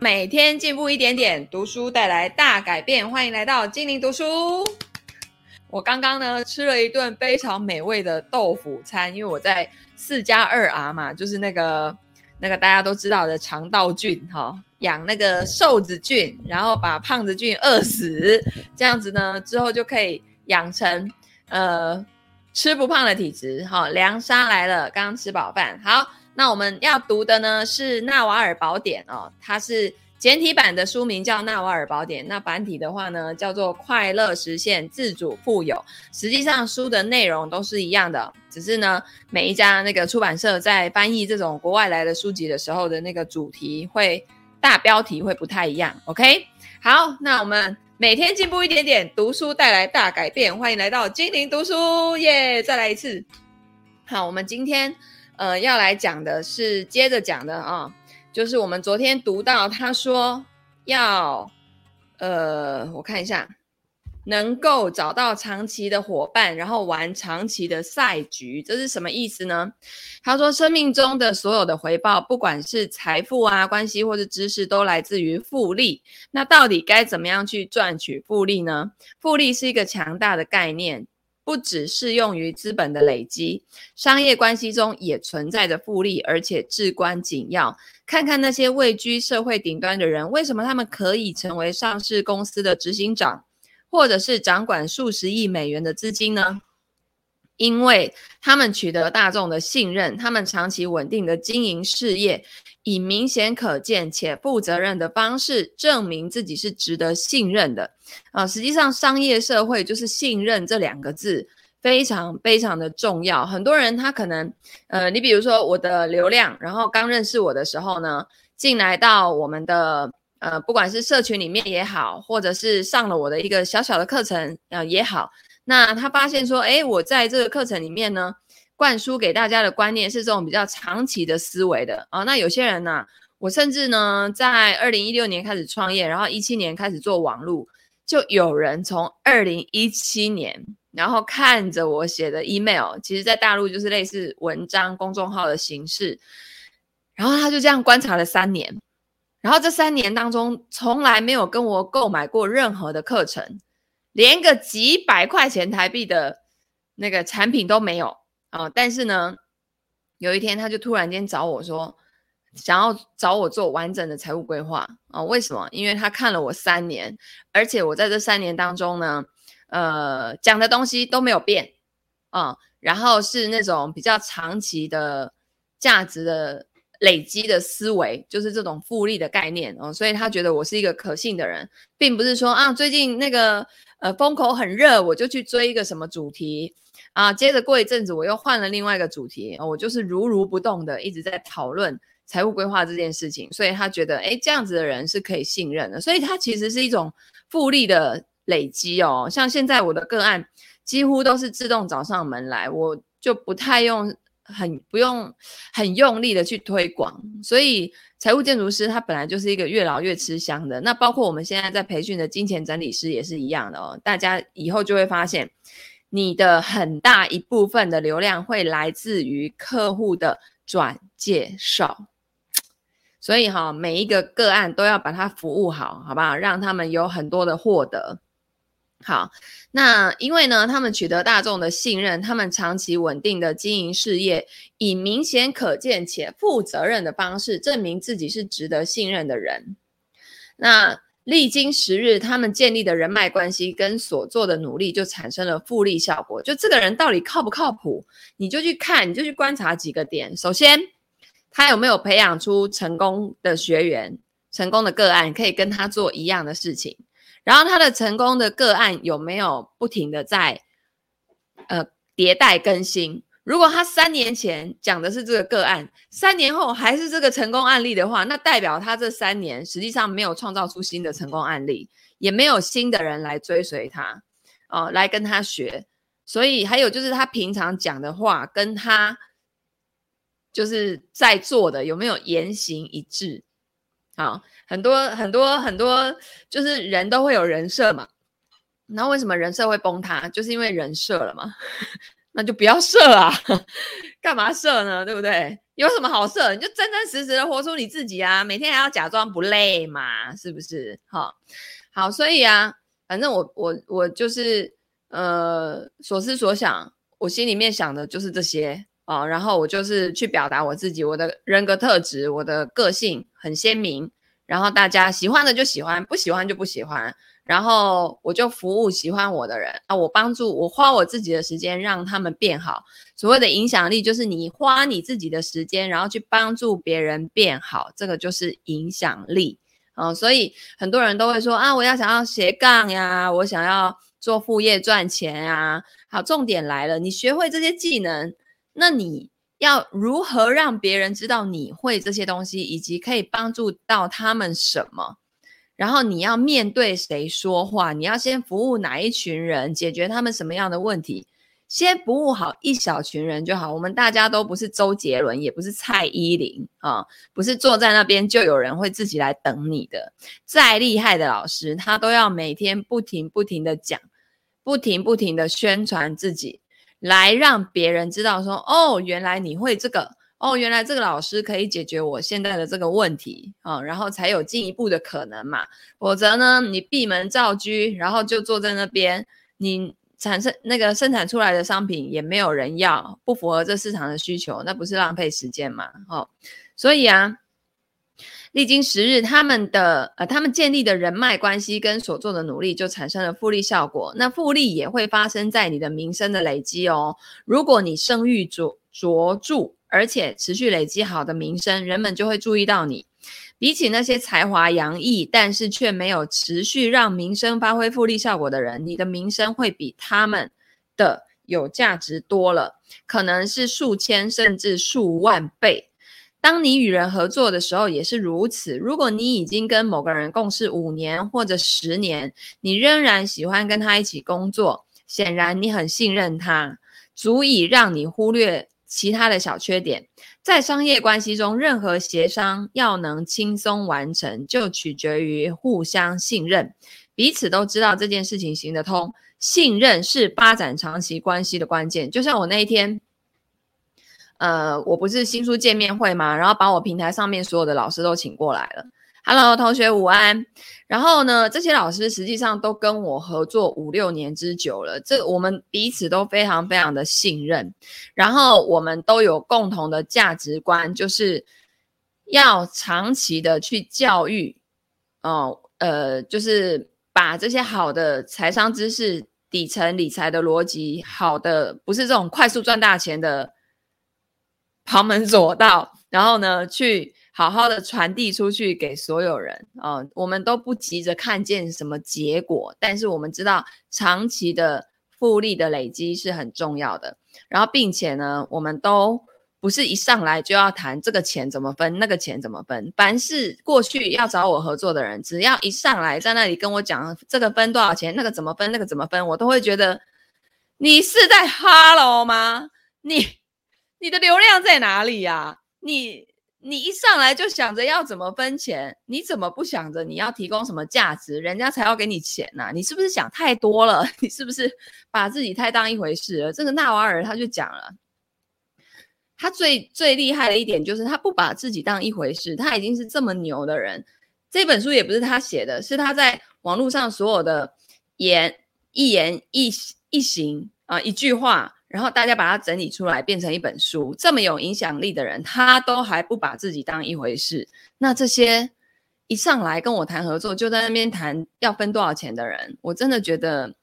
每天進步一點點，讀書帶來大改變。歡迎來到菁羚讀書。我剛剛呢吃了一頓非常美味的豆腐餐，因為我在四加二 R 嘛，就是那個那個大家都知道的腸道菌哈，養那個瘦子菌，然後把胖子菌餓死，這樣子呢之後就可以養成呃吃不胖的體質哈。梁沙來了，剛吃飽飯，好。那我們要讀的呢是《納瓦爾寶典》哦，它是簡體版的書名叫《納瓦爾寶典》，那繁體的話呢叫做《快樂實現自主富有》。實際上書的內容都是一樣的，只是呢每一家那個出版社在翻譯這種國外來的書籍的時候的那個主題會大標題會不太一樣。OK，好，那我們每天進步一點點，讀書帶來大改變，歡迎來到菁羚讀書耶！Yeah, 再來一次，好，我們今天。呃，要來講的是接着講的啊，就是我們昨天讀到他說要，呃，我看一下，能夠找到長期的夥伴，然後玩長期的賽局，這是什麼意思呢？他說，生命中的所有的回報，不管是財富啊、關係或者知識，都來自於複利。那到底該怎麼樣去賺取複利呢？複利是一個強大的概念。不只適用於資本的累積，商業關係中也存在着複利，而且至關緊要。看看那些位居社會頂端的人，為什麼他們可以成為上市公司的執行長，或者是掌管數十億美元的資金呢？因為他們取得大眾的信任，他們長期穩定的經營事業，以明顯可見且負責任的方式證明自己是值得信任的。啊、呃，實際上商業社會就是信任這兩個字非常非常的重要。很多人他可能，呃，你比如說我的流量，然後剛認識我的時候呢，進來到我們的呃，不管是社群裡面也好，或者是上了我的一個小小的課程啊、呃，也好。那他發現說，誒，我在這個課程裡面呢，灌輸給大家的觀念是這種比較長期的思維的啊、哦。那有些人呢、啊，我甚至呢，在二零一六年開始創業，然後一七年開始做網路，就有人從二零一七年，然後看着我寫的 email，其實在大陸就是類似文章、公眾號的形式，然後他就這樣觀察了三年，然後這三年當中，從來沒有跟我購買過任何的課程。連個幾百塊錢台幣的那個產品都沒有啊、呃！但是呢，有一天他就突然間找我說，想要找我做完整的財務規劃啊、呃？為什麼？因為他看了我三年，而且我在這三年當中呢，呃，講的東西都沒有變啊、呃，然後是那種比較長期的價值的。累積的思維就是這種複利的概念哦，所以他覺得我是一個可信的人，並不是說，啊最近那個呃風口很熱，我就去追一個什麼主題啊，接着過一陣子我又換了另外一個主題，哦，我就是如如不動的一直在討論財務規劃這件事情，所以他覺得誒，這樣子的人是可以信任的，所以他其實是一種複利的累積哦，像現在我的個案幾乎都是自動找上門來，我就不太用。很不用很用力的去推廣，所以財務建築師他本來就是一個越老越吃香的。那包括我們現在在培訓的金錢整理師也是一樣的哦。大家以後就會發現，你的很大一部分的流量會來自於客戶的轉介紹。所以哈，每一個個案都要把它服務好，好不好？讓他們有很多的獲得。好，那因為呢，他們取得大眾的信任，他們長期穩定的經營事業，以明顯可見且負責任的方式，證明自己是值得信任的人。那歷經時日，他們建立的人脈關係跟所做的努力，就產生了複利效果。就這個人到底靠不靠譜，你就去看，你就去觀察幾個點。首先，他有沒有培養出成功的學員、成功的個案，可以跟他做一樣的事情。然後他的成功的個案有沒有不停的在，呃迭代更新？如果他三年前講的是這個個案，三年後還是這個成功案例的話，那代表他這三年實際上沒有創造出新的成功案例，也沒有新的人來追隨他，哦，來跟他學。所以還有就是他平常講的話跟他就是在做的有沒有言行一致？好。很多很多很多，就是人都會有人設嘛，那為什麼人設會崩塌？就是因為人設了嘛， 那就不要設啊， 幹嘛設呢？對不對？有什麼好設？你就真真實實的活出你自己啊！每天還要假裝不累嘛？是不是？哈、哦，好，所以啊，反正我我我就是呃所思所想，我心裡面想的就是這些啊、哦，然後我就是去表達我自己，我的人格特質，我的個性很鮮明。然後大家喜歡的就喜歡，不喜歡就不喜歡。然後我就服務喜歡我的人啊，我幫助我花我自己的時間讓他們變好。所謂的影響力就是你花你自己的時間，然後去幫助別人變好，這個就是影響力啊。哦，所以很多人都會說啊，我要想要斜槓呀，啊，我想要做副業賺錢啊。好，重點來了，你學會這些技能，那你。要如何讓別人知道你會這些東西，以及可以幫助到他們什麼？然後你要面對誰說話？你要先服務哪一群人，解決他們什麼樣的問題？先服務好一小群人就好。我們大家都不是周杰倫，也不是蔡依林啊，不是坐在那邊就有人會自己來等你的。再厲害的老師，他都要每天不停不停地講，不停不停地宣傳自己。來讓別人知道說，說哦，原來你會這個，哦，原來這個老師可以解決我現在的這個問題啊，哦，然後才有進一步的可能嘛。否則呢，你閉門造車，然後就坐在那邊，你產生那個生產出來的商品也沒有人要，不符合這市場的需求，那不是浪費時間嘛。哦，所以啊。歷經時日，他們的呃，他們建立的人脈關係跟所做的努力，就產生了複利效果。那複利也會發生在你的名聲的累積哦。如果你聲譽卓卓著，而且持續累積好的名聲，人們就會注意到你。比起那些才華洋溢，但是卻沒有持續讓名聲發揮複利效果的人，你的名聲會比他們的有價值多了，可能是數千甚至數萬倍。當你與人合作的時候也是如此。如果你已經跟某個人共事五年或者十年，你仍然喜歡跟他一起工作，顯然你很信任他，足以讓你忽略其他的小缺點。在商業關係中，任何協商要能輕鬆完成，就取決於互相信任，彼此都知道這件事情行得通。信任是發展長期關係的關鍵。就像我那一天。呃，我不是新書見面會嘛，然後把我平台上面所有的老師都請過來了。Hello，同學午安。然後呢，這些老師實際上都跟我合作五六年之久了，這我們彼此都非常非常的信任，然後我們都有共同的價值觀，就是要長期的去教育，哦，呃，就是把這些好的財商知識、底層理財的邏輯，好的，不是這種快速賺大錢的。旁門左道，然後呢，去好好的傳遞出去給所有人啊、呃！我們都不急着看見什麼結果，但是我們知道長期的複利的累積是很重要的。然後，並且呢，我們都不是一上來就要談這個錢怎麼分，那個錢怎麼分。凡是過去要找我合作的人，只要一上來在那裡跟我講這個分多少錢，那個怎麼分，那個怎麼分，我都會覺得你是在 Hello 嗎？你？你的流量在哪裡呀？你你一上來就想着要怎麼分錢，你怎麼不想着你要提供什麼價值，人家才要給你錢吶？你是不是想太多了？你是不是把自己太當一回事了？這個納瓦爾他就講了，他最最厲害的一點就是他不把自己當一回事，他已經是這麼牛的人。這本書也不是他寫的，是他在網絡上所有的言一言一一行啊，一句話。然後大家把它整理出來，變成一本書。這麼有影響力的人，他都還不把自己當一回事。那這些一上來跟我談合作，就在那邊談要分多少錢的人，我真的覺得。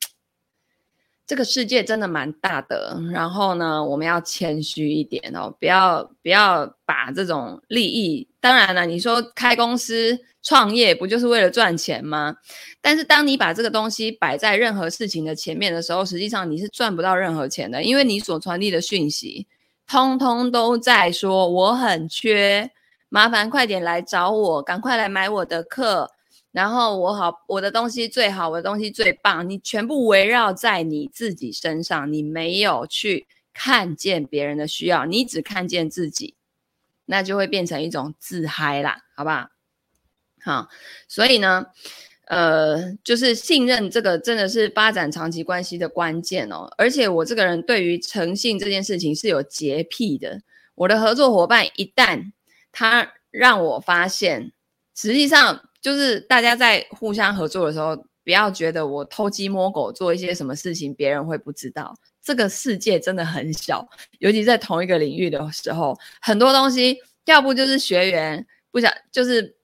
這個世界真的蠻大的，然後呢，我們要謙虛一點哦，不要不要把這種利益。當然了，你說開公司創業不就是為了賺錢嗎？但是當你把這個東西擺在任何事情的前面的時候，實際上你是賺不到任何錢的，因為你所傳遞的訊息，通通都在說我很缺，麻煩快點來找我，趕快來買我的課。然後我好，我的東西最好，我的東西最棒，你全部圍繞在你自己身上，你沒有去看見別人的需要，你只看見自己，那就會變成一種自嗨啦，好不好？好，所以呢，呃，就是信任這個真的是發展長期關係的關鍵哦。而且我這個人對於誠信這件事情是有潔癖的，我的合作夥伴一旦他讓我發現，實際上。就是大家在互相合作的時候，不要覺得我偷雞摸狗做一些什麼事情，別人會不知道。這個世界真的很小，尤其在同一個領域的時候，很多東西要不就是學員不小，就是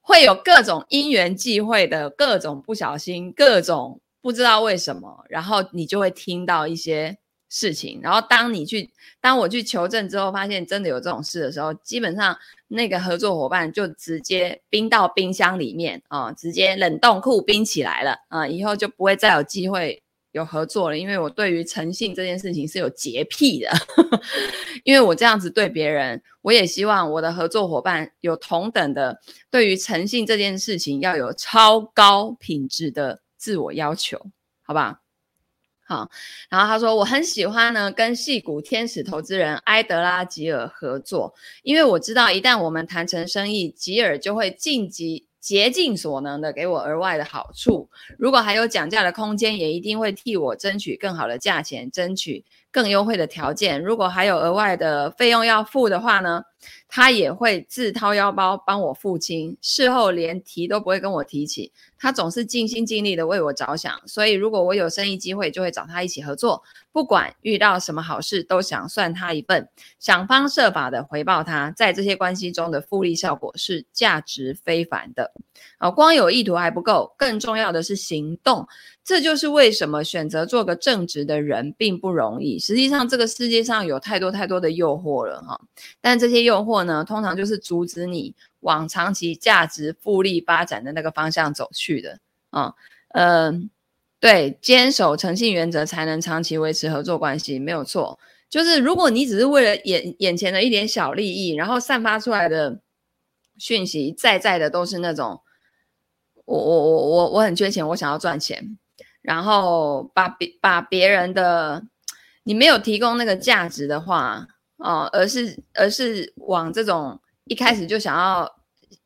會有各種因緣際會的各種不小心，各種不知道為什麼，然後你就會聽到一些。事情，然後當你去，當我去求證之後，發現真的有這種事的時候，基本上那個合作夥伴就直接冰到冰箱裡面啊、呃，直接冷凍庫冰起來了啊、呃，以後就不會再有機會有合作了。因為我對於誠信這件事情是有潔癖的，呵呵，因為我這樣子對別人，我也希望我的合作夥伴有同等的，對於誠信這件事情要有超高品質的自我要求，好不好？啊，然後他說：“我很喜歡呢，跟矽谷天使投資人埃德拉吉爾合作，因為我知道一旦我們談成生意，吉爾就會盡極竭盡所能的給我額外的好處。如果還有講價的空間，也一定會替我爭取更好的價錢，爭取。”更優惠的條件，如果還有額外的費用要付的話呢，他也會自掏腰包幫我付清，事後連提都不會跟我提起。他總是盡心盡力的為我着想，所以如果我有生意機會，就會找他一起合作。不管遇到什麼好事，都想算他一份，想方設法的回報他。在這些關係中的複利效果是價值非凡的。啊、呃，光有意圖還不夠，更重要的是行動。這就是為什麼選擇做個正直的人並不容易。實際上，這個世界上有太多太多的誘惑了，哈。但這些誘惑呢，通常就是阻止你往長期價值複利發展的那個方向走去的。啊，嗯，對，堅守誠信原則才能長期維持合作關係，沒有錯。就是如果你只是為了眼眼前的一點小利益，然後散發出來的訊息，在在的都是那種，我我我我我很缺錢，我想要賺錢。然後把別把別人的，你沒有提供那個價值的話，哦、呃，而是而是往這種一開始就想要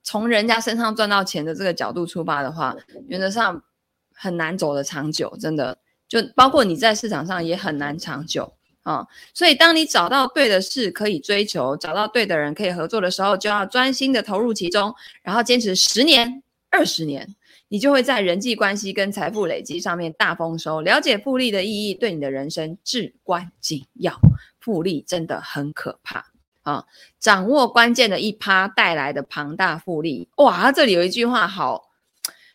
從人家身上賺到錢的這個角度出發的話，原則上很難走得長久，真的就包括你在市場上也很難長久啊、呃。所以，當你找到對的事可以追求，找到對的人可以合作的時候，就要專心的投入其中，然後堅持十年、二十年。你就會在人際關係跟財富累積上面大豐收。了解複利的意義對你的人生至關緊要。複利真的很可怕啊！掌握關鍵的一趴帶來的龐大複利，哇！這裡有一句話好，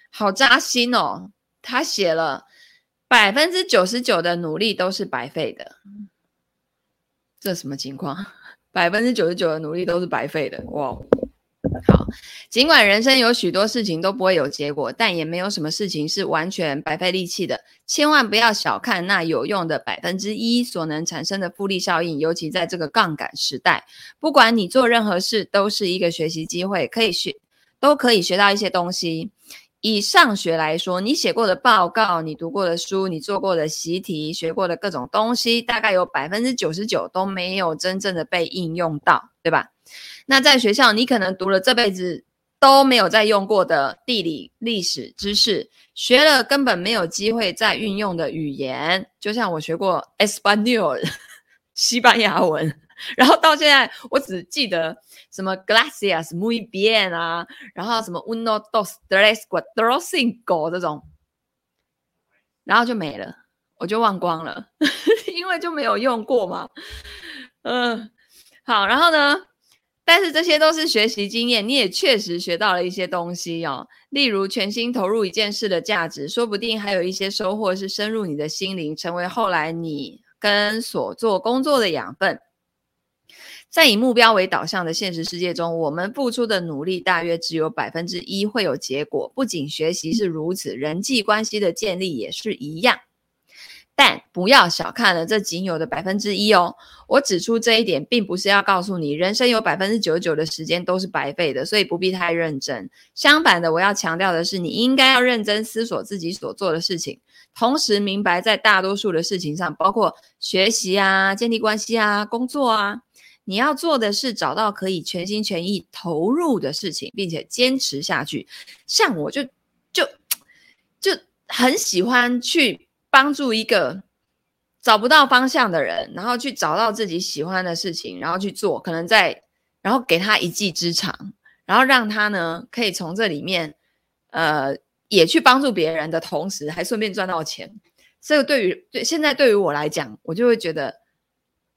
好好扎心哦。他寫了百分之九十九的努力都是白費的，這什麼情況？百分之九十九的努力都是白費的，哇！好，儘管人生有許多事情都不會有結果，但也沒有什麼事情是完全白費力氣的。千萬不要小看那有用的百分之一所能產生的複利效應，尤其在這個槓桿時代。不管你做任何事，都是一個學習機會，可以學，都可以學到一些東西。以上學來說，你寫過的報告，你讀過的書，你做過的習題，學過的各種東西，大概有百分之九十九都沒有真正的被應用到，對吧？那在學校，你可能讀了這輩子都沒有再用過的地理歷史知識，學了根本沒有機會再運用的語言，就像我學過 Español，西班牙文。然後到現在，我只記得什麼 Gracias muy bien 啊，然後什麼 uno dos tres cuatro cinco 這種，然後就沒了，我就忘光了，呵呵，因為就沒有用過嘛。嗯、呃，好，然後呢？但是這些都是學習經驗，你也確實學到了一些東西哦。例如全心投入一件事的價值，說不定還有一些收穫是深入你的心靈，成為後來你跟所做工作的養分。在以目標為導向的現實世界中，我們付出的努力大約只有百分之一會有結果。不僅學習是如此，人際關係的建立也是一樣。但不要小看了這僅有的百分之一哦！我指出這一點，並不是要告訴你人生有百分之九十九的時間都是白費的，所以不必太認真。相反的，我要強調的是，你應該要認真思索自己所做的事情，同時明白在大多數的事情上，包括學習啊、建立關係啊、工作啊。你要做的是找到可以全心全意投入的事情，並且堅持下去。像我就就就很喜歡去幫助一個找不到方向的人，然後去找到自己喜歡的事情，然後去做，可能在然後給他一技之長，然後讓他呢可以從這裡面呃也去幫助別人的同時，還順便賺到錢。這個對於對現在對於我來講，我就會覺得。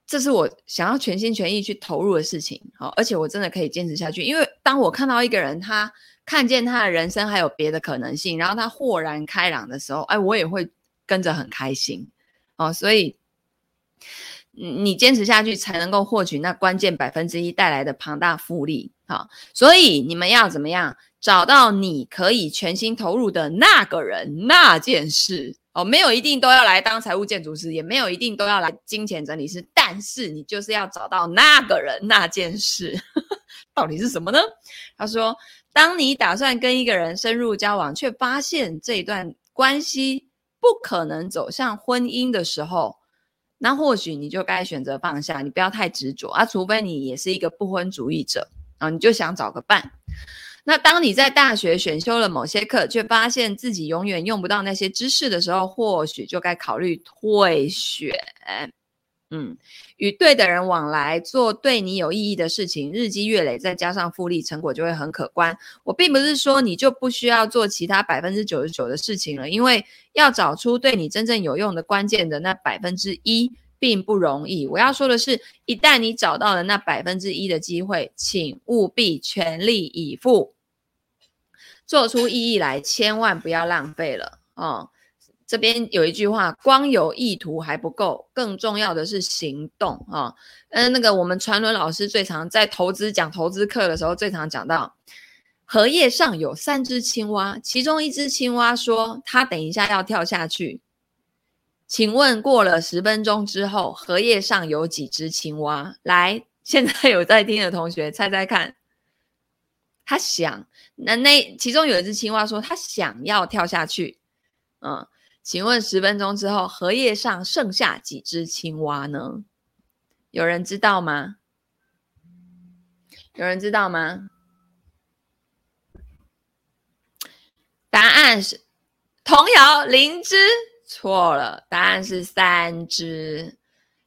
這是我想要全心全意去投入的事情，好、哦，而且我真的可以堅持下去，因為當我看到一個人，他看見他的人生還有別的可能性，然後他豁然開朗的時候，哎，我也會跟着很開心，好、哦，所以你堅持下去才能夠獲取那關鍵百分之一帶來的龐大複利，好、哦，所以你們要怎麼樣？找到你可以全心投入的那個人、那件事哦，沒有一定都要來當財務建築師，也沒有一定都要來金錢整理師，但是你就是要找到那個人、那件事， 到底是什麼呢？他說：當你打算跟一個人深入交往，卻發現這一段關係不可能走向婚姻的時候，那或許你就該選擇放下，你不要太執着啊，除非你也是一個不婚主義者啊，你就想找個伴。那當你在大學選修了某些課，卻發現自己永遠用不到那些知識的時候，或許就該考慮退選。嗯，與對的人往來，做對你有意義的事情，日積月累，再加上複利，成果就會很可觀。我並不是說你就不需要做其他百分之九十九的事情了，因為要找出對你真正有用的關鍵的那百分之一，並不容易。我要說的是一旦你找到了那百分之一的機會，請務必全力以赴。做出意義來，千萬不要浪費了哦。這邊有一句話，光有意圖還不夠，更重要的是行動啊。嗯、哦，那個我們傳輪老師最常在投資講投資課的時候，最常講到：荷葉上有三隻青蛙，其中一隻青蛙說，他等一下要跳下去。請問過了十分鐘之後，荷葉上有幾隻青蛙？來，現在有在聽的同學猜猜看。他想。那那其中有一只青蛙說，它想要跳下去。嗯，請問十分鐘之後，荷葉上剩下幾隻青蛙呢？有人知道嗎？有人知道嗎？答案是童謠零隻，錯了。答案是三隻，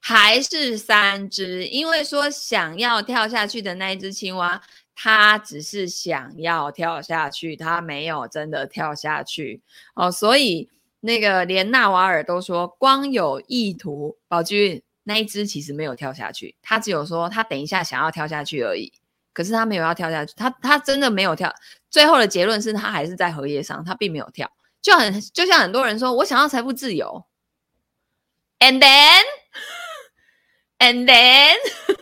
還是三隻？因為說想要跳下去的那一隻青蛙。他只是想要跳下去，他沒有真的跳下去哦，所以那個連納瓦爾都說，光有意圖，寶君那一隻其實沒有跳下去，他只有說他等一下想要跳下去而已，可是他沒有要跳下去，他他真的沒有跳。最後的結論是他還是在荷葉上，他並沒有跳，就很就像很多人說，我想要財富自由，And then and then。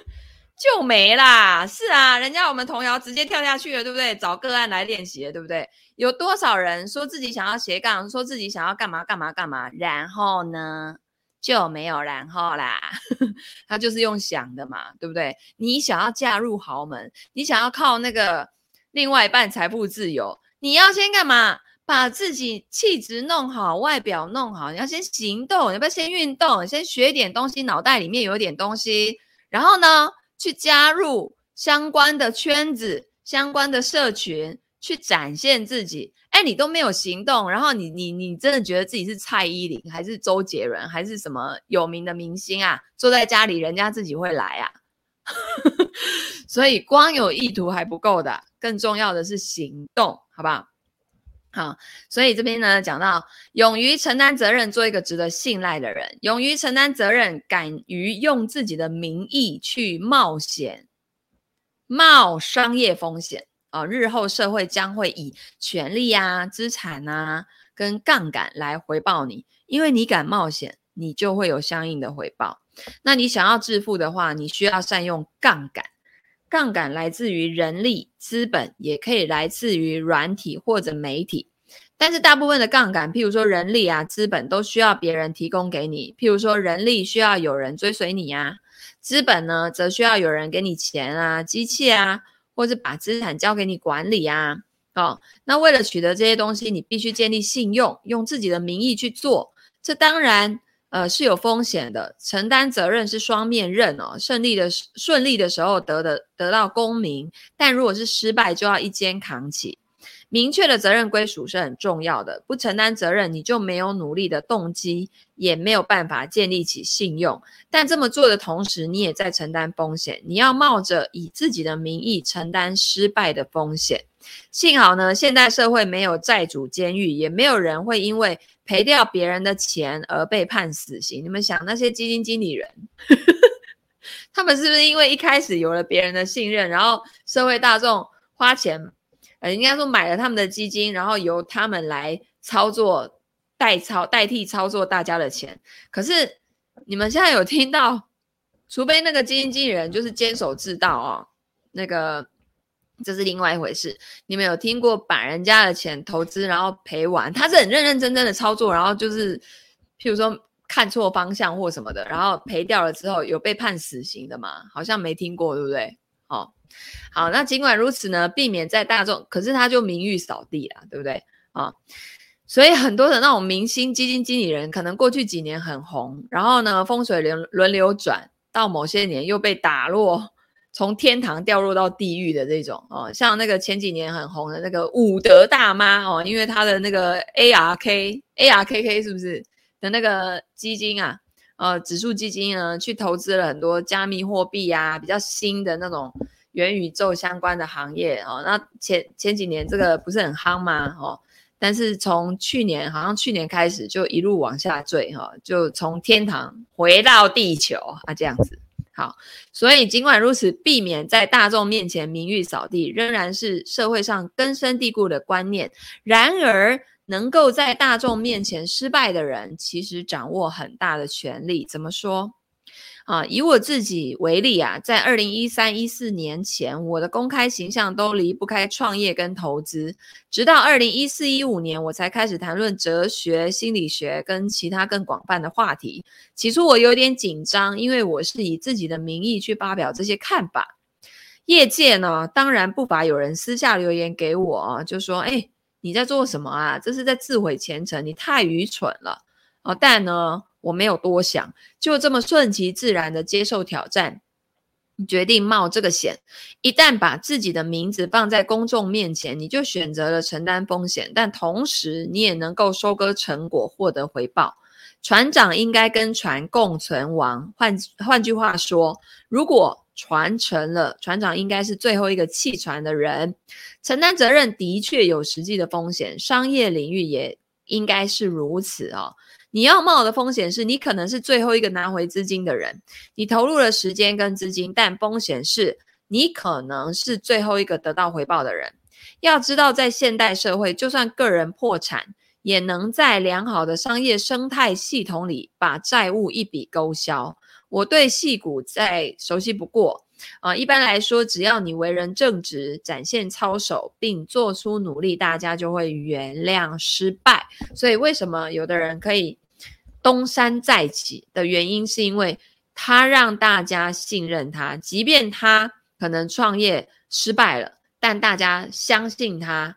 就沒啦，是啊，人家我們童謠直接跳下去了，對不對？找個案來練習了，對不對？有多少人說自己想要斜槓，說自己想要幹嘛幹嘛幹嘛，然後呢，就沒有然後啦， 他就是用想的嘛，對不對？你想要嫁入豪門，你想要靠那個另外一半財富自由，你要先幹嘛？把自己氣質弄好，外表弄好，你要先行動，你要不要先運動，先學一點東西，腦袋裡面有一點東西，然後呢？去加入相關的圈子、相關的社群，去展現自己。哎，你都沒有行動，然後你、你、你真的覺得自己是蔡依林，還是周杰倫，還是什麼有名的明星啊？坐在家裡，人家自己會來啊。 所以光有意圖還不夠的，更重要的是行動，好不好？好，所以這邊呢講到，勇於承擔責任，做一個值得信賴的人。勇於承擔責任，敢於用自己的名義去冒險，冒商業風險。啊、哦，日後社會將會以權利啊、資產啊跟槓桿來回報你，因為你敢冒險，你就會有相應的回報。那你想要致富的話，你需要善用槓桿。槓桿來自於人力，資本也可以來自於軟體或者媒體，但是大部分的槓桿，譬如說人力啊、資本，都需要別人提供給你。譬如說人力需要有人追隨你呀、啊，資本呢則需要有人給你錢啊、機器啊，或者把資產交給你管理啊。哦，那為了取得這些東西，你必須建立信用，用自己的名義去做。這當然。呃，是有風險的，承擔責任是雙面刃哦。勝利的順利的時候得的得到功名，但如果是失敗，就要一肩扛起。明確的責任歸屬是很重要的，不承擔責任，你就沒有努力的動機，也沒有辦法建立起信用。但這麼做的同時，你也在承擔風險，你要冒着以自己的名義承擔失敗的風險。幸好呢，現代社會沒有債主監獄，也沒有人會因為。賠掉別人的錢而被判死刑，你們想那些基金經理人呵呵，他們是不是因為一開始有了別人的信任，然後社會大眾花錢，呃，應該說買了他們的基金，然後由他們來操作、代操、代替操作大家的錢？可是你們現在有聽到，除非那個基金經理人就是監守自盜哦，那個。這是另外一回事。你們有聽過把人家的錢投資然後賠完？他是很認認真真的操作，然後就是譬如說看錯方向或什麼的，然後賠掉了之後有被判死刑的嗎？好像沒聽過，對不對？哦，好，那儘管如此呢，避免在大眾，可是他就名譽掃地了，對不對？啊、哦，所以很多的那種明星基金經理人，可能過去幾年很紅，然後呢，風水輪輪流轉到某些年又被打落。從天堂掉落到地獄的這種哦，像那個前幾年很紅的那個伍德大媽哦，因為他的那個 ARK、ARKK 是不是的那個基金啊，呃，指數基金呢，去投資了很多加密貨幣啊，比較新的那種元宇宙相關的行業哦。那前前幾年這個不是很夯嗎？哦，但是從去年好像去年開始就一路往下墜哈、哦，就從天堂回到地球啊，這樣子。好，所以儘管如此，避免在大眾面前名譽掃地，仍然是社會上根深蒂固的觀念。然而，能夠在大眾面前失敗的人，其實掌握很大的權力。怎麼說？啊，以我自己為例啊，在二零一三一四年前，我的公開形象都離不開創業跟投資，直到二零一四一五年，我才開始談論哲學、心理學跟其他更廣泛的話題。起初我有點緊張，因為我是以自己的名義去發表這些看法。業界呢，當然不乏有人私下留言給我、啊，就說：“誒、哎，你在做什麼啊？這是在自毀前程，你太愚蠢了。啊”哦，但呢。我沒有多想，就這麼順其自然地接受挑戰，決定冒這個險。一旦把自己的名字放在公眾面前，你就選擇了承擔風險，但同時你也能夠收割成果，獲得回報。船長應該跟船共存亡，換換句話說，如果船沉了，船長應該是最後一個棄船的人。承擔責任的確有實際的風險，商業領域也應該是如此哦。你要冒的風險是你可能是最後一個拿回資金的人，你投入了時間跟資金，但風險是你可能是最後一個得到回報的人。要知道，在現代社會，就算個人破產，也能在良好的商業生態系統裡把債務一筆勾銷。我對矽谷再熟悉不過啊、呃。一般來說，只要你為人正直，展現操守，並做出努力，大家就會原諒失敗。所以，為什麼有的人可以？東山再起的原因是因為他讓大家信任他，即便他可能創業失敗了，但大家相信他，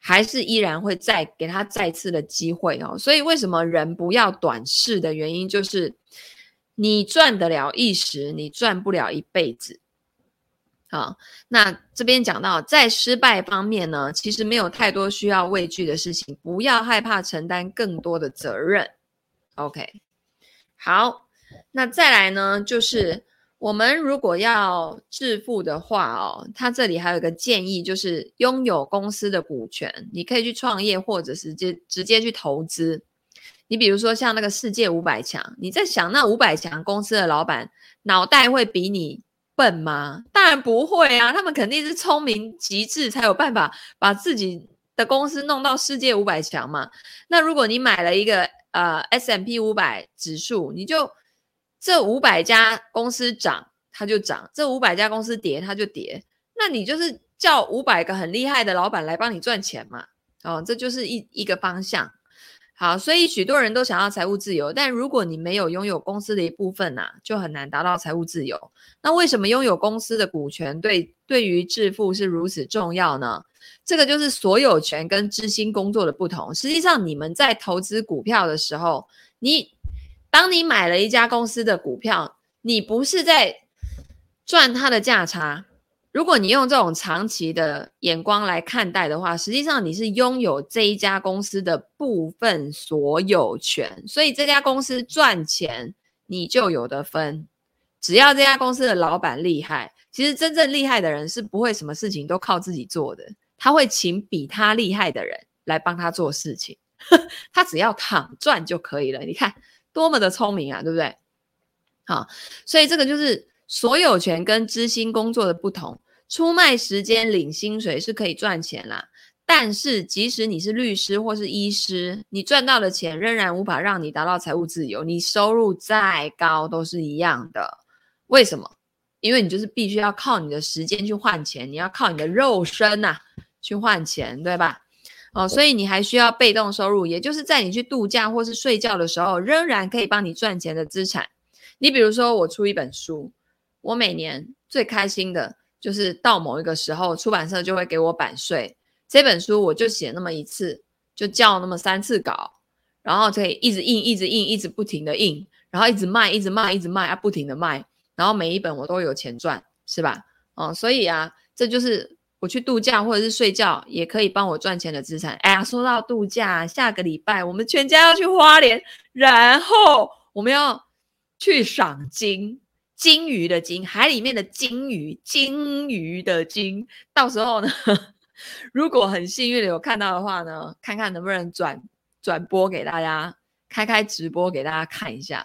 還是依然會再給他再次的機會哦。所以為什麼人不要短視的原因就是，你賺得了一時，你賺不了一輩子。好，那這邊講到在失敗方面呢，其實沒有太多需要畏懼的事情，不要害怕承擔更多的責任。OK，好，那再來呢？就是我們如果要致富的話哦，它這裡還有一個建議，就是擁有公司的股權，你可以去創業，或者是直接直接去投資。你比如說像那個世界五百強，你在想那五百強公司的老板腦袋會比你笨嗎？當然不會啊，他們肯定是聰明極致，才有辦法把自己。的公司弄到世界五百強嘛。那如果你買了一個呃 S&P 五百指數，你就這五百家公司漲，它就漲；這五百家公司跌，它就跌。那你就是叫五百個很厲害的老板來幫你賺錢嘛。哦，這就是一一個方向。好，所以許多人都想要財務自由，但如果你沒有擁有公司的一部分吶、啊，就很難達到財務自由。那為什麼擁有公司的股權對對於致富是如此重要呢？這個就是所有權跟支薪工作的不同。實際上，你們在投資股票的時候，你當你買了一家公司的股票，你不是在賺它的價差。如果你用這種長期的眼光來看待的話，實際上你是擁有這一家公司的部分所有權，所以這家公司賺錢你就有得分。只要這家公司的老闆厲害，其實真正厲害的人是不會什麼事情都靠自己做的，他會請比他厲害的人來幫他做事情，呵，他只要躺賺就可以了。你看多麼的聰明啊，對不對？好，所以這個就是所有權跟知心工作的不同。出賣時間領薪水是可以賺錢啦，但是即使你是律師或是醫師，你賺到的錢仍然無法讓你達到財務自由，你收入再高都是一樣的。為什麼？因為你就是必須要靠你的時間去換錢，你要靠你的肉身吶、啊、去換錢，對吧？哦，所以你還需要被動收入，也就是在你去度假或是睡覺的時候，仍然可以幫你賺錢的資產。你比如說，我出一本書，我每年最開心的。就是到某一個時候，出版社就會給我版稅。這本書我就寫那麼一次，就交那麼三次稿，然後可以一直印，一直印，一直不停地印，然後一直賣，一直賣，一直賣，啊，不停地賣，然後每一本我都有錢賺，是吧？嗯，所以啊，這就是我去度假或者是睡覺也可以幫我賺錢的資產。哎呀，說到度假，下個禮拜我們全家要去花蓮，然後我們要去賞金。鯨魚的鯨，海裡面的鯨魚，鯨魚的鯨。到時候呢，如果很幸運的有看到的話呢，看看能不能轉轉播給大家，開開直播給大家看一下。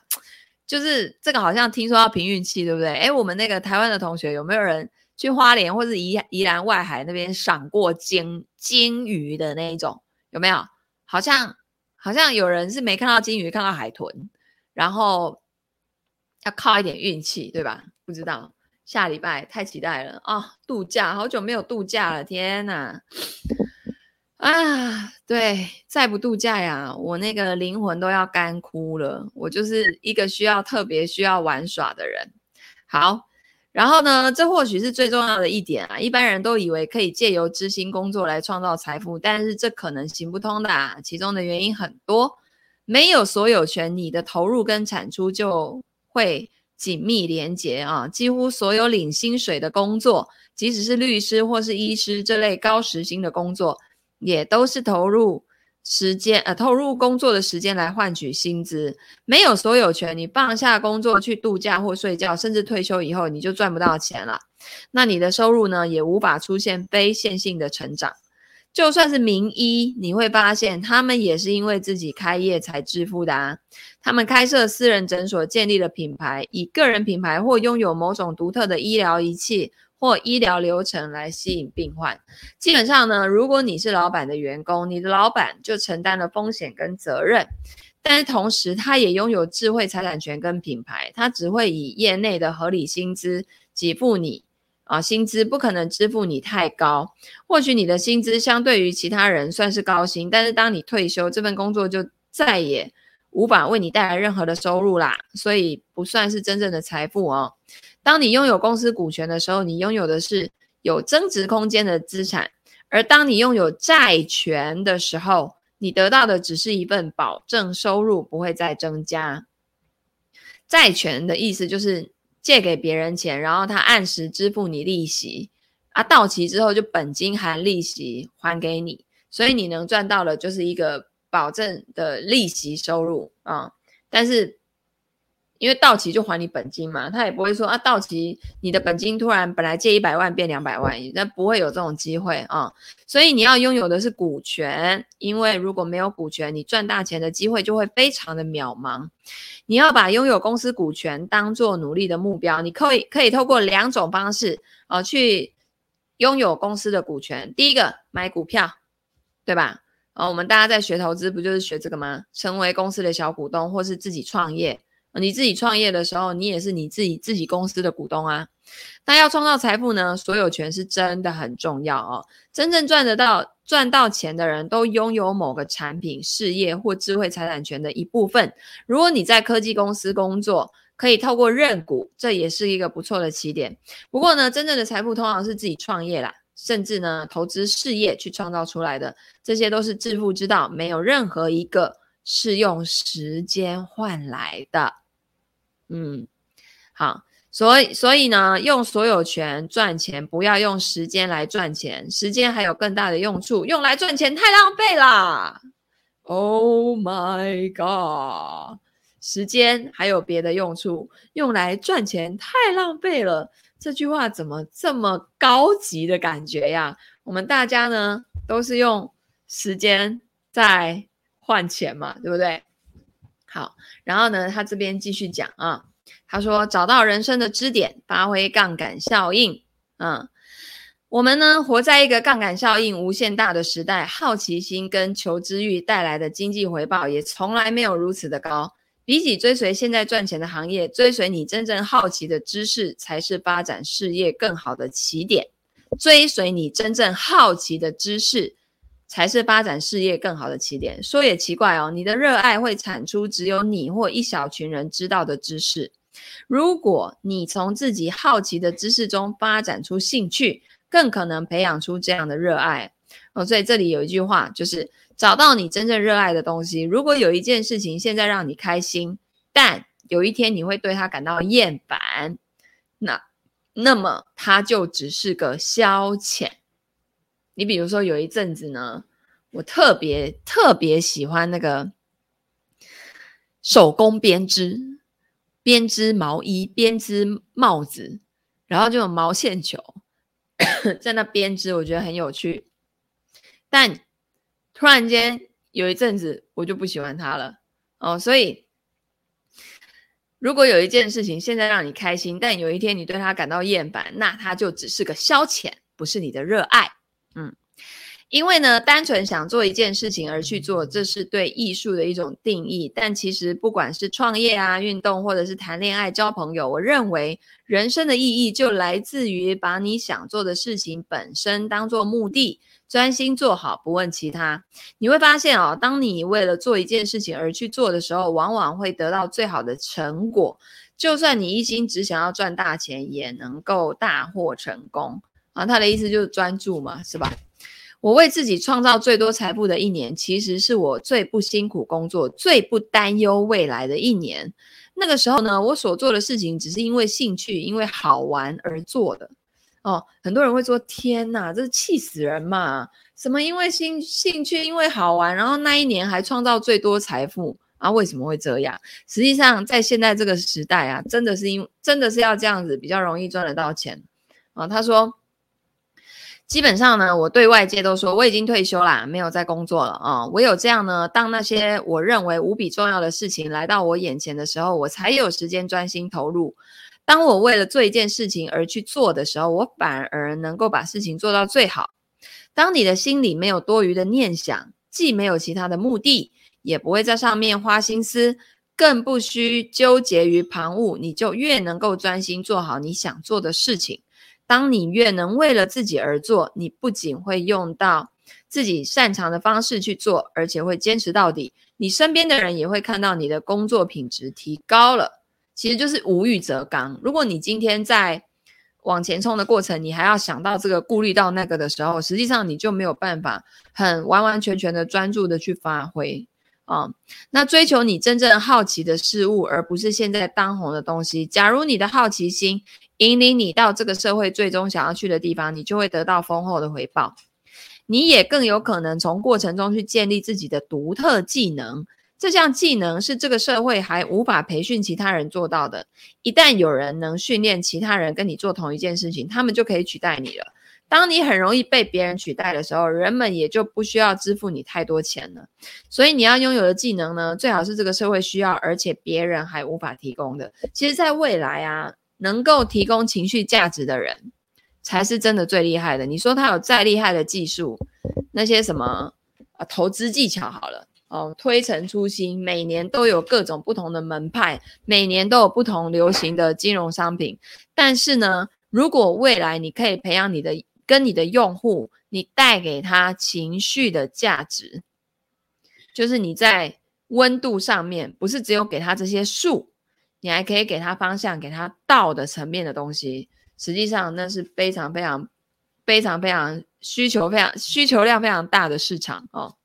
就是這個好像聽說要憑運氣，對不對？哎，我們那個台灣的同學有沒有人去花蓮或是宜宜蘭外海那邊賞過鯨鯨魚的那一種？有沒有？好像好像有人是沒看到鯨魚，看到海豚，然後。要靠一點運氣，對吧？不知道下禮拜，太期待了啊、哦！度假，好久沒有度假了，天哪！啊，對，再不度假呀，我那個靈魂都要乾枯了。我就是一個需要特別需要玩耍的人。好，然後呢，這或許是最重要的一點啊。一般人都以為可以借由執行工作來創造財富，但是這可能行不通的、啊。其中的原因很多，沒有所有權，你的投入跟產出就，會緊密連接啊，幾乎所有領薪水的工作，即使是律師或是醫師這類高時薪的工作，也都是投入時間，呃，投入工作的時間來換取薪資，沒有所有權。你放下工作去度假或睡覺，甚至退休以後，你就賺不到錢了。那你的收入呢，也無法出現非線性的成長。就算是名醫，你會發現他們也是因為自己開業才致富的啊。他們開設私人診所，建立了品牌，以個人品牌或擁有某種獨特的醫療儀器或醫療流程來吸引病患。基本上呢，如果你是老板的員工，你的老板就承擔了風險跟責任，但是同時他也擁有智慧財產權跟品牌，他只會以業內的合理薪資給付你。啊，薪資不可能支付你太高，或許你的薪資相對於其他人算是高薪，但是當你退休，這份工作就再也無法為你帶來任何的收入啦，所以不算是真正的財富哦。當你擁有公司股權的時候，你擁有的是有增值空間的資產，而當你擁有債權的時候，你得到的只是一份保證收入不會再增加。債權的意思就是。借給別人錢，然後他按時支付你利息，啊，到期之後就本金含利息還給你，所以你能賺到的就是一個保證的利息收入啊，嗯，但是。因為到期就還你本金嘛，他也不會說啊，到期你的本金突然本來借一百萬變兩百萬，那不會有這種機會啊、哦。所以你要擁有的是股權，因為如果沒有股權，你賺大錢的機會就會非常的渺茫。你要把擁有公司股權當作努力的目標，你可以可以透過兩種方式啊、哦、去擁有公司的股權。第一個買股票，對吧？啊、哦，我們大家在學投資不就是學這個嗎？成為公司的小股東，或是自己創業。你自己創業的時候，你也是你自己自己公司的股東啊。那要創造財富呢，所有權是真的很重要哦。真正賺得到賺到錢的人都擁有某個產品、事業或智慧財產權權的一部分。如果你在科技公司工作，可以透過認股，這也是一個不錯的起點。不過呢，真正的財富通常是自己創業啦，甚至呢投資事業去創造出來的，這些都是致富之道，沒有任何一個。是用時間換來的，嗯，好，所以所以呢，用所有權賺錢，不要用時間來賺錢。時間還有更大的用處，用來賺錢太浪費啦！Oh my God，時間還有別的用處，用來賺錢太浪費了。這句話怎麼這麼高級的感覺呀？我們大家呢，都是用時間在。換錢嘛，對不對？好，然後呢，他這邊繼續講啊，他說找到人生的支點，發揮槓桿效應。嗯，我們呢，活在一個槓桿效應無限大的時代，好奇心跟求知欲帶來的經濟回報也從來沒有如此的高。比起追隨現在賺錢的行業，追隨你真正好奇的知識才是發展事業更好的起點。追隨你真正好奇的知識。才是發展事業更好的起點。說也奇怪哦，你的熱愛會產出只有你或一小群人知道的知識。如果你從自己好奇的知識中發展出興趣，更可能培養出這樣的熱愛哦。所以這裡有一句話，就是找到你真正熱愛的東西。如果有一件事情現在讓你開心，但有一天你會對它感到厭煩，那那麼它就只是個消遣。你比如說，有一陣子呢，我特別特別喜歡那個手工編織，編織毛衣，編織帽子，然後就有毛線球 在那編織，我覺得很有趣。但突然間有一陣子，我就不喜歡它了。哦，所以如果有一件事情現在讓你開心，但有一天你對它感到厭煩，那它就只是個消遣，不是你的熱愛。嗯，因為呢，單純想做一件事情而去做，這是對藝術的一種定義。但其實不管是創業啊、運動，或者是談戀愛、交朋友，我認為人生的意義就來自於把你想做的事情本身當做目的，專心做好，不問其他。你會發現啊、哦，當你為了做一件事情而去做的時候，往往會得到最好的成果。就算你一心只想要賺大錢，也能夠大獲成功。啊，他的意思就是專注嘛，是吧？我為自己創造最多財富的一年，其實是我最不辛苦工作、最不擔憂未來的一年。那個時候呢，我所做的事情只是因為興趣、因為好玩而做的。哦，很多人會說：“天哪，這是氣死人嘛！什麼因為興興趣、因為好玩，然後那一年還創造最多財富啊？為什麼會這樣？實際上，在現在這個時代啊，真的是因真的是要這樣子比較容易賺得到錢啊。哦”他說。基本上呢，我對外界都說我已經退休啦，沒有再工作了啊。哦，唯有這樣呢，當那些我認為無比重要的事情來到我眼前的時候，我才有時間專心投入。當我為了做一件事情而去做的時候，我反而能夠把事情做到最好。當你的心裡沒有多餘的念想，既沒有其他的目的，也不會在上面花心思，更不需糾結於旁騖，你就越能夠專心做好你想做的事情。當你越能為了自己而做，你不僅會用到自己擅長的方式去做，而且會堅持到底。你身邊的人也會看到你的工作品質提高了，其實就是無欲則剛。如果你今天在往前衝的過程，你還要想到這個顧慮到那個的時候，實際上你就沒有辦法很完完全全的專注的去發揮啊，哦。那追求你真正好奇的事物，而不是現在當紅的東西。假如你的好奇心，引領你到這個社會最終想要去的地方，你就會得到豐厚的回報，你也更有可能從過程中去建立自己的獨特技能。這項技能是這個社會還無法培訓其他人做到的。一旦有人能訓練其他人跟你做同一件事情，他們就可以取代你了。當你很容易被別人取代的時候，人們也就不需要支付你太多錢了。所以你要擁有的技能呢，最好是這個社會需要，而且別人還無法提供的。其實，在未來啊。能夠提供情緒價值的人，才是真的最厲害的。你說他有再厲害的技術，那些什麼啊，投資技巧好了哦，推陳出新，每年都有各種不同的門派，每年都有不同流行的金融商品。但是呢，如果未來你可以培養你的，跟你的用戶，你帶給他情緒的價值，就是你在溫度上面，不是只有給他這些數。你還可以給他方向，給他道的層面的東西，實際上那是非常非常非常非常需求，非常需求量非常大的市場哦。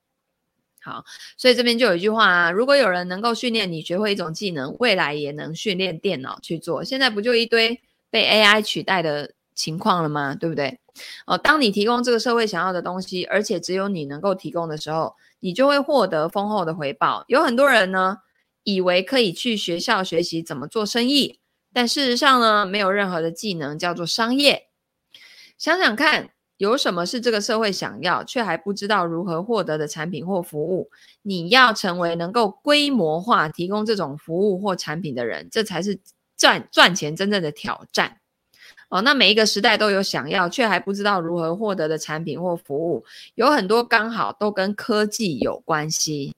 好，所以這邊就有一句話啊：如果有人能夠訓練你學會一種技能，未來也能訓練電腦去做，現在不就一堆被 AI 取代的情況了嗎？對不對？哦，當你提供這個社會想要的東西，而且只有你能夠提供的時候，你就會獲得豐厚的回報。有很多人呢。以為可以去學校學習怎麼做生意，但事實上呢，沒有任何的技能叫做商業。想想看，有什麼是這個社會想要卻還不知道如何獲得的產品或服務？你要成為能夠規模化提供這種服務或產品的人，這才是賺賺錢真正的挑戰。哦，那每一個時代都有想要卻還不知道如何獲得的產品或服務，有很多剛好都跟科技有關係。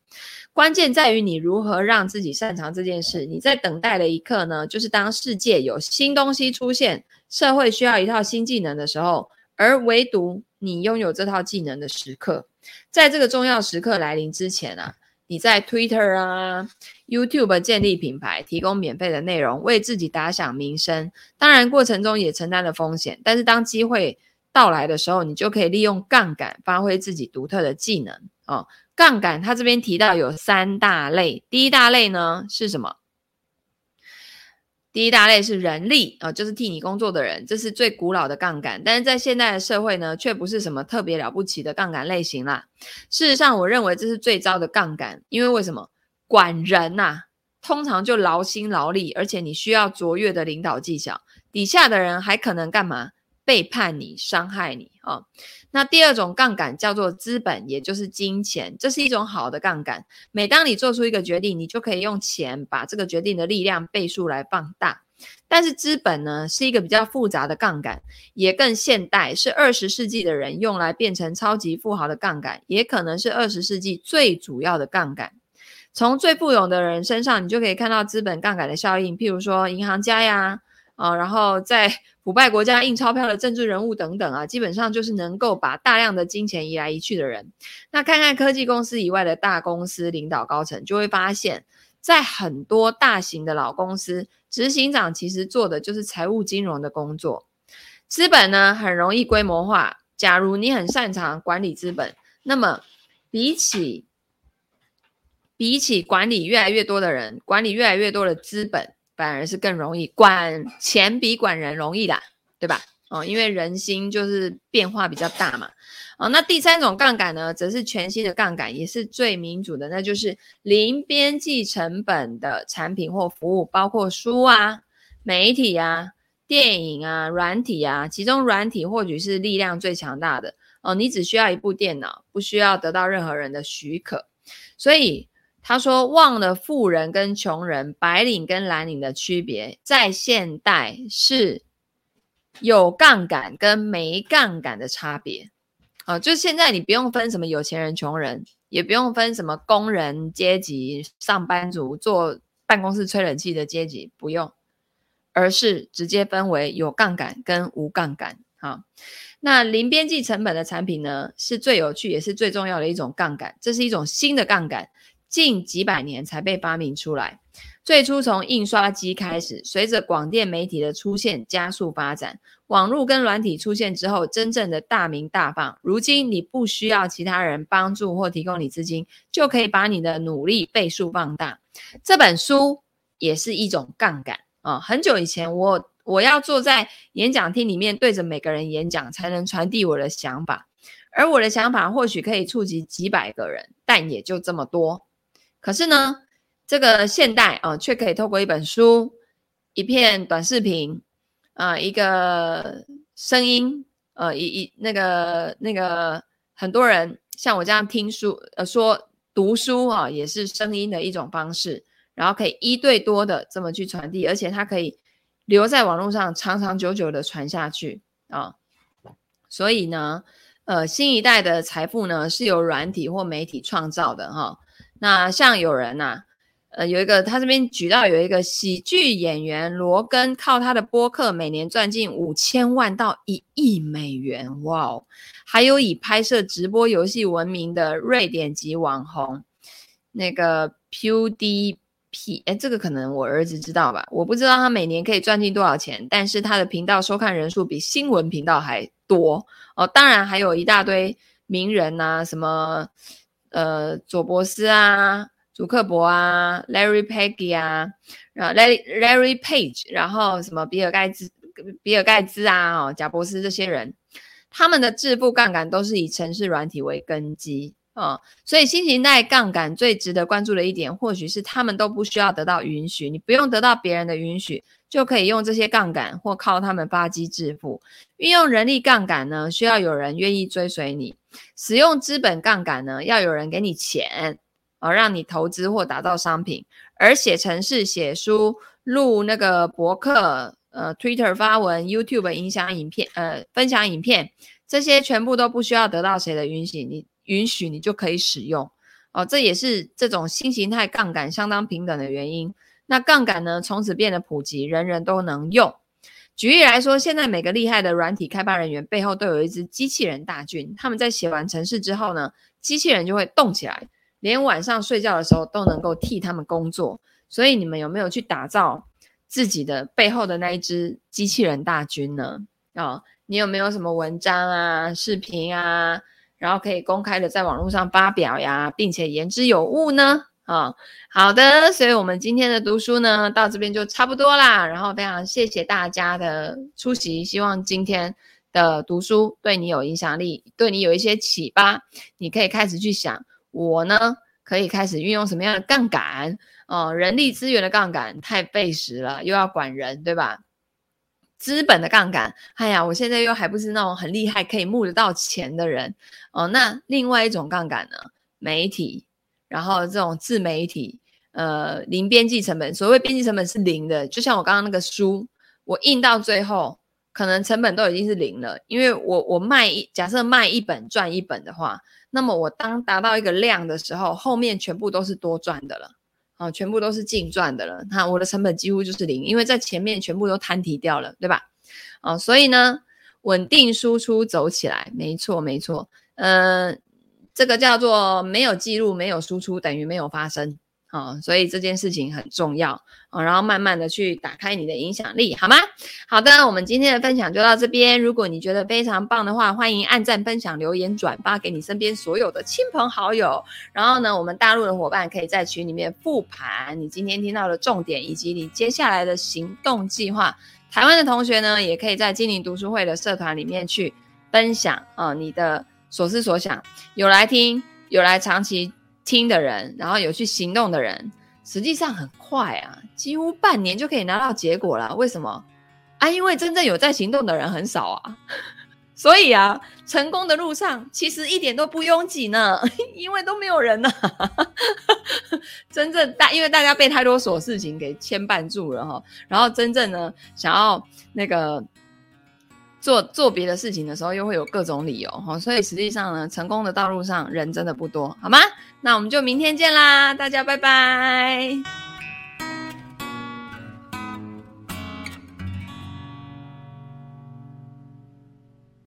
關鍵在於你如何讓自己擅長這件事。你在等待的一刻呢，就是當世界有新東西出現，社會需要一套新技能的時候，而唯獨你擁有這套技能的時刻，在這個重要時刻來臨之前啊，你在 Twitter 啊、YouTube 建立品牌，提供免費的內容，為自己打響名聲。當然過程中也承擔了風險，但是當機會到來的時候，你就可以利用槓桿，發揮自己獨特的技能啊。哦槓桿，他這邊提到有三大類。第一大類呢是什麼？第一大類是人力啊、呃，就是替你工作的人，這是最古老的槓桿。但是在現代的社會呢，卻不是什麼特別了不起的槓桿類型啦。事實上，我認為這是最糟的槓桿，因為為什麼？管人呐、啊，通常就勞心勞力，而且你需要卓越的領導技巧。底下的人還可能幹嘛？背叛你，傷害你啊，哦！那第二種槓桿叫做資本，也就是金錢，這是一種好的槓桿。每當你做出一個決定，你就可以用錢把這個決定的力量倍數來放大。但是資本呢，是一個比較複雜的槓桿，也更現代，是二十世紀的人用來變成超級富豪的槓桿，也可能是二十世紀最主要的槓桿。從最富有的人身上，你就可以看到資本槓桿的效應，譬如說銀行家呀。啊、哦，然後在腐敗國家印鈔票的政治人物等等啊，基本上就是能夠把大量的金錢移來移去的人。那看看科技公司以外的大公司領導高層，就會發現，在很多大型的老公司，執行長其實做的就是財務金融的工作。資本呢，很容易規模化，假如你很擅長管理資本，那麼比起比起管理越來越多的人，管理越來越多的資本。反而是更容易管錢比管人容易啦，對吧？哦，因為人心就是變化比較大嘛。哦，那第三種槓桿呢，則是全新的槓桿，也是最民主的，那就是零邊際成本的產品或服務，包括書啊、媒體啊、電影啊、軟體啊，其中軟體或許是力量最強大的。哦，你只需要一部電腦，不需要得到任何人的許可，所以。他說：“忘了富人跟窮人、白領跟藍領的區別，在現代是有槓桿跟沒槓桿的差別。啊，就現在你不用分什麼有錢人、窮人，也不用分什麼工人階級、上班族坐辦公室吹冷氣的階級，不用，而是直接分為有槓桿跟無槓桿。哈，那零邊際成本的產品呢，是最有趣也是最重要的一種槓桿，這是一種新的槓桿。”近幾百年才被發明出來。最初從印刷機開始，隨着廣電媒體的出現加速發展。網絡跟軟體出現之後，真正的大鳴大放。如今你不需要其他人幫助或提供你資金，就可以把你的努力倍數放大。這本書也是一種槓桿啊！很久以前我，我我要坐在演講廳裡面對着每個人演講，才能傳遞我的想法。而我的想法或許可以觸及幾百個人，但也就這麼多。可是呢，這個現代啊，卻可以透過一本書、一片短視頻啊、呃、一個聲音呃，一一那個那個很多人像我這樣聽書呃，說讀書啊也是聲音的一種方式，然後可以一對多的這麼去傳遞，而且它可以留在網絡上長長久久的傳下去啊、呃。所以呢，呃，新一代的財富呢是由軟體或媒體創造的哈。呃那像有人吶、啊，呃，有一個他這邊舉到有一個喜劇演員羅根，靠他的播客每年賺進五千萬到一億美元，哇哦！還有以拍攝直播遊戲聞名的瑞典籍網紅，那個 PUDP，誒，這個可能我兒子知道吧？我不知道他每年可以賺進多少錢，但是他的頻道收看人數比新聞頻道還多哦。當然還有一大堆名人啊，什麼。呃，佐伯斯啊，祖克伯啊，Larry Page 啊，然後 Larry Larry Page，然後什麼比爾蓋茨，比爾蓋茨啊，哦，賈伯斯這些人，他們的致富槓桿都是以程式軟體為根基啊，哦，所以新型態槓桿最值得關注的一點，或許是他們都不需要得到允許，你不用得到別人的允許。就可以用這些槓桿或靠他們發家致富。運用人力槓桿呢，需要有人願意追隨你；使用資本槓桿呢，要有人給你錢，哦，讓你投資或打造商品。而寫程式、寫書、錄那個博客、呃，Twitter 發文、YouTube 影響影片、呃，分享影片，這些全部都不需要得到誰的允許，你允許你就可以使用。哦，這也是這種新形態槓桿相當平等的原因。那槓桿呢，從此變得普及，人人都能用。舉例來說，現在每個厲害的軟體開發人員背後都有一支機器人大軍，他們在寫完程式之後呢，機器人就會動起來，連晚上睡覺的時候都能夠替他們工作。所以，你們有沒有去打造自己的背後的那一支機器人大軍呢？哦，你有沒有什麼文章啊、視頻啊，然後可以公開的在網絡上發表呀，並且言之有物呢？啊、哦，好的，所以我們今天的讀書呢，到這邊就差不多啦。然後非常謝謝大家的出席，希望今天的讀書對你有影響力，對你有一些啟發，你可以開始去想，我呢可以開始運用什麼樣的槓桿？哦，人力資源的槓桿太費時了，又要管人，對吧？資本的槓桿，哎呀，我現在又還不是那種很厲害可以募得到錢的人哦。那另外一種槓桿呢，媒體。然後這種自媒體，呃，零邊際成本。所謂邊際成本是零的，就像我剛剛那個書，我印到最後，可能成本都已經是零了。因為我我賣一，假設賣一本賺一本的話，那麼我當達到一個量的時候，後面全部都是多賺的了，啊、哦，全部都是淨賺的了。那、啊、我的成本幾乎就是零，因為在前面全部都攤提掉了，對吧？啊、哦，所以呢，穩定輸出走起來，沒錯沒錯，嗯、呃。這個叫做沒有記錄，沒有輸出，等於沒有發生。好、啊，所以這件事情很重要嗯、啊，然後慢慢的去打開你的影響力，好嗎？好的，我們今天的分享就到這邊。如果你覺得非常棒的話，歡迎按讚、分享、留言、轉發給你身邊所有的親朋好友。然後呢，我們大陸的伙伴可以在群裡面复盤你今天聽到的重點以及你接下來的行動計劃。台灣的同學呢，也可以在菁羚讀書會的社團裡面去分享啊你的。所思所想，有來聽，有來長期聽的人，然後有去行動的人，實際上很快啊，幾乎半年就可以拿到結果了。為什麼？啊，因為真正有在行動的人很少啊，所以啊，成功的路上其實一點都不擁擠呢，因為都沒有人呢、啊。真正大，因為大家被太多瑣事情給牽絆住了哈，然後真正呢，想要那個。做做別的事情的時候，又會有各種理由哈，所以實際上呢，成功的道路上人真的不多，好嗎？那我們就明天見啦，大家拜拜。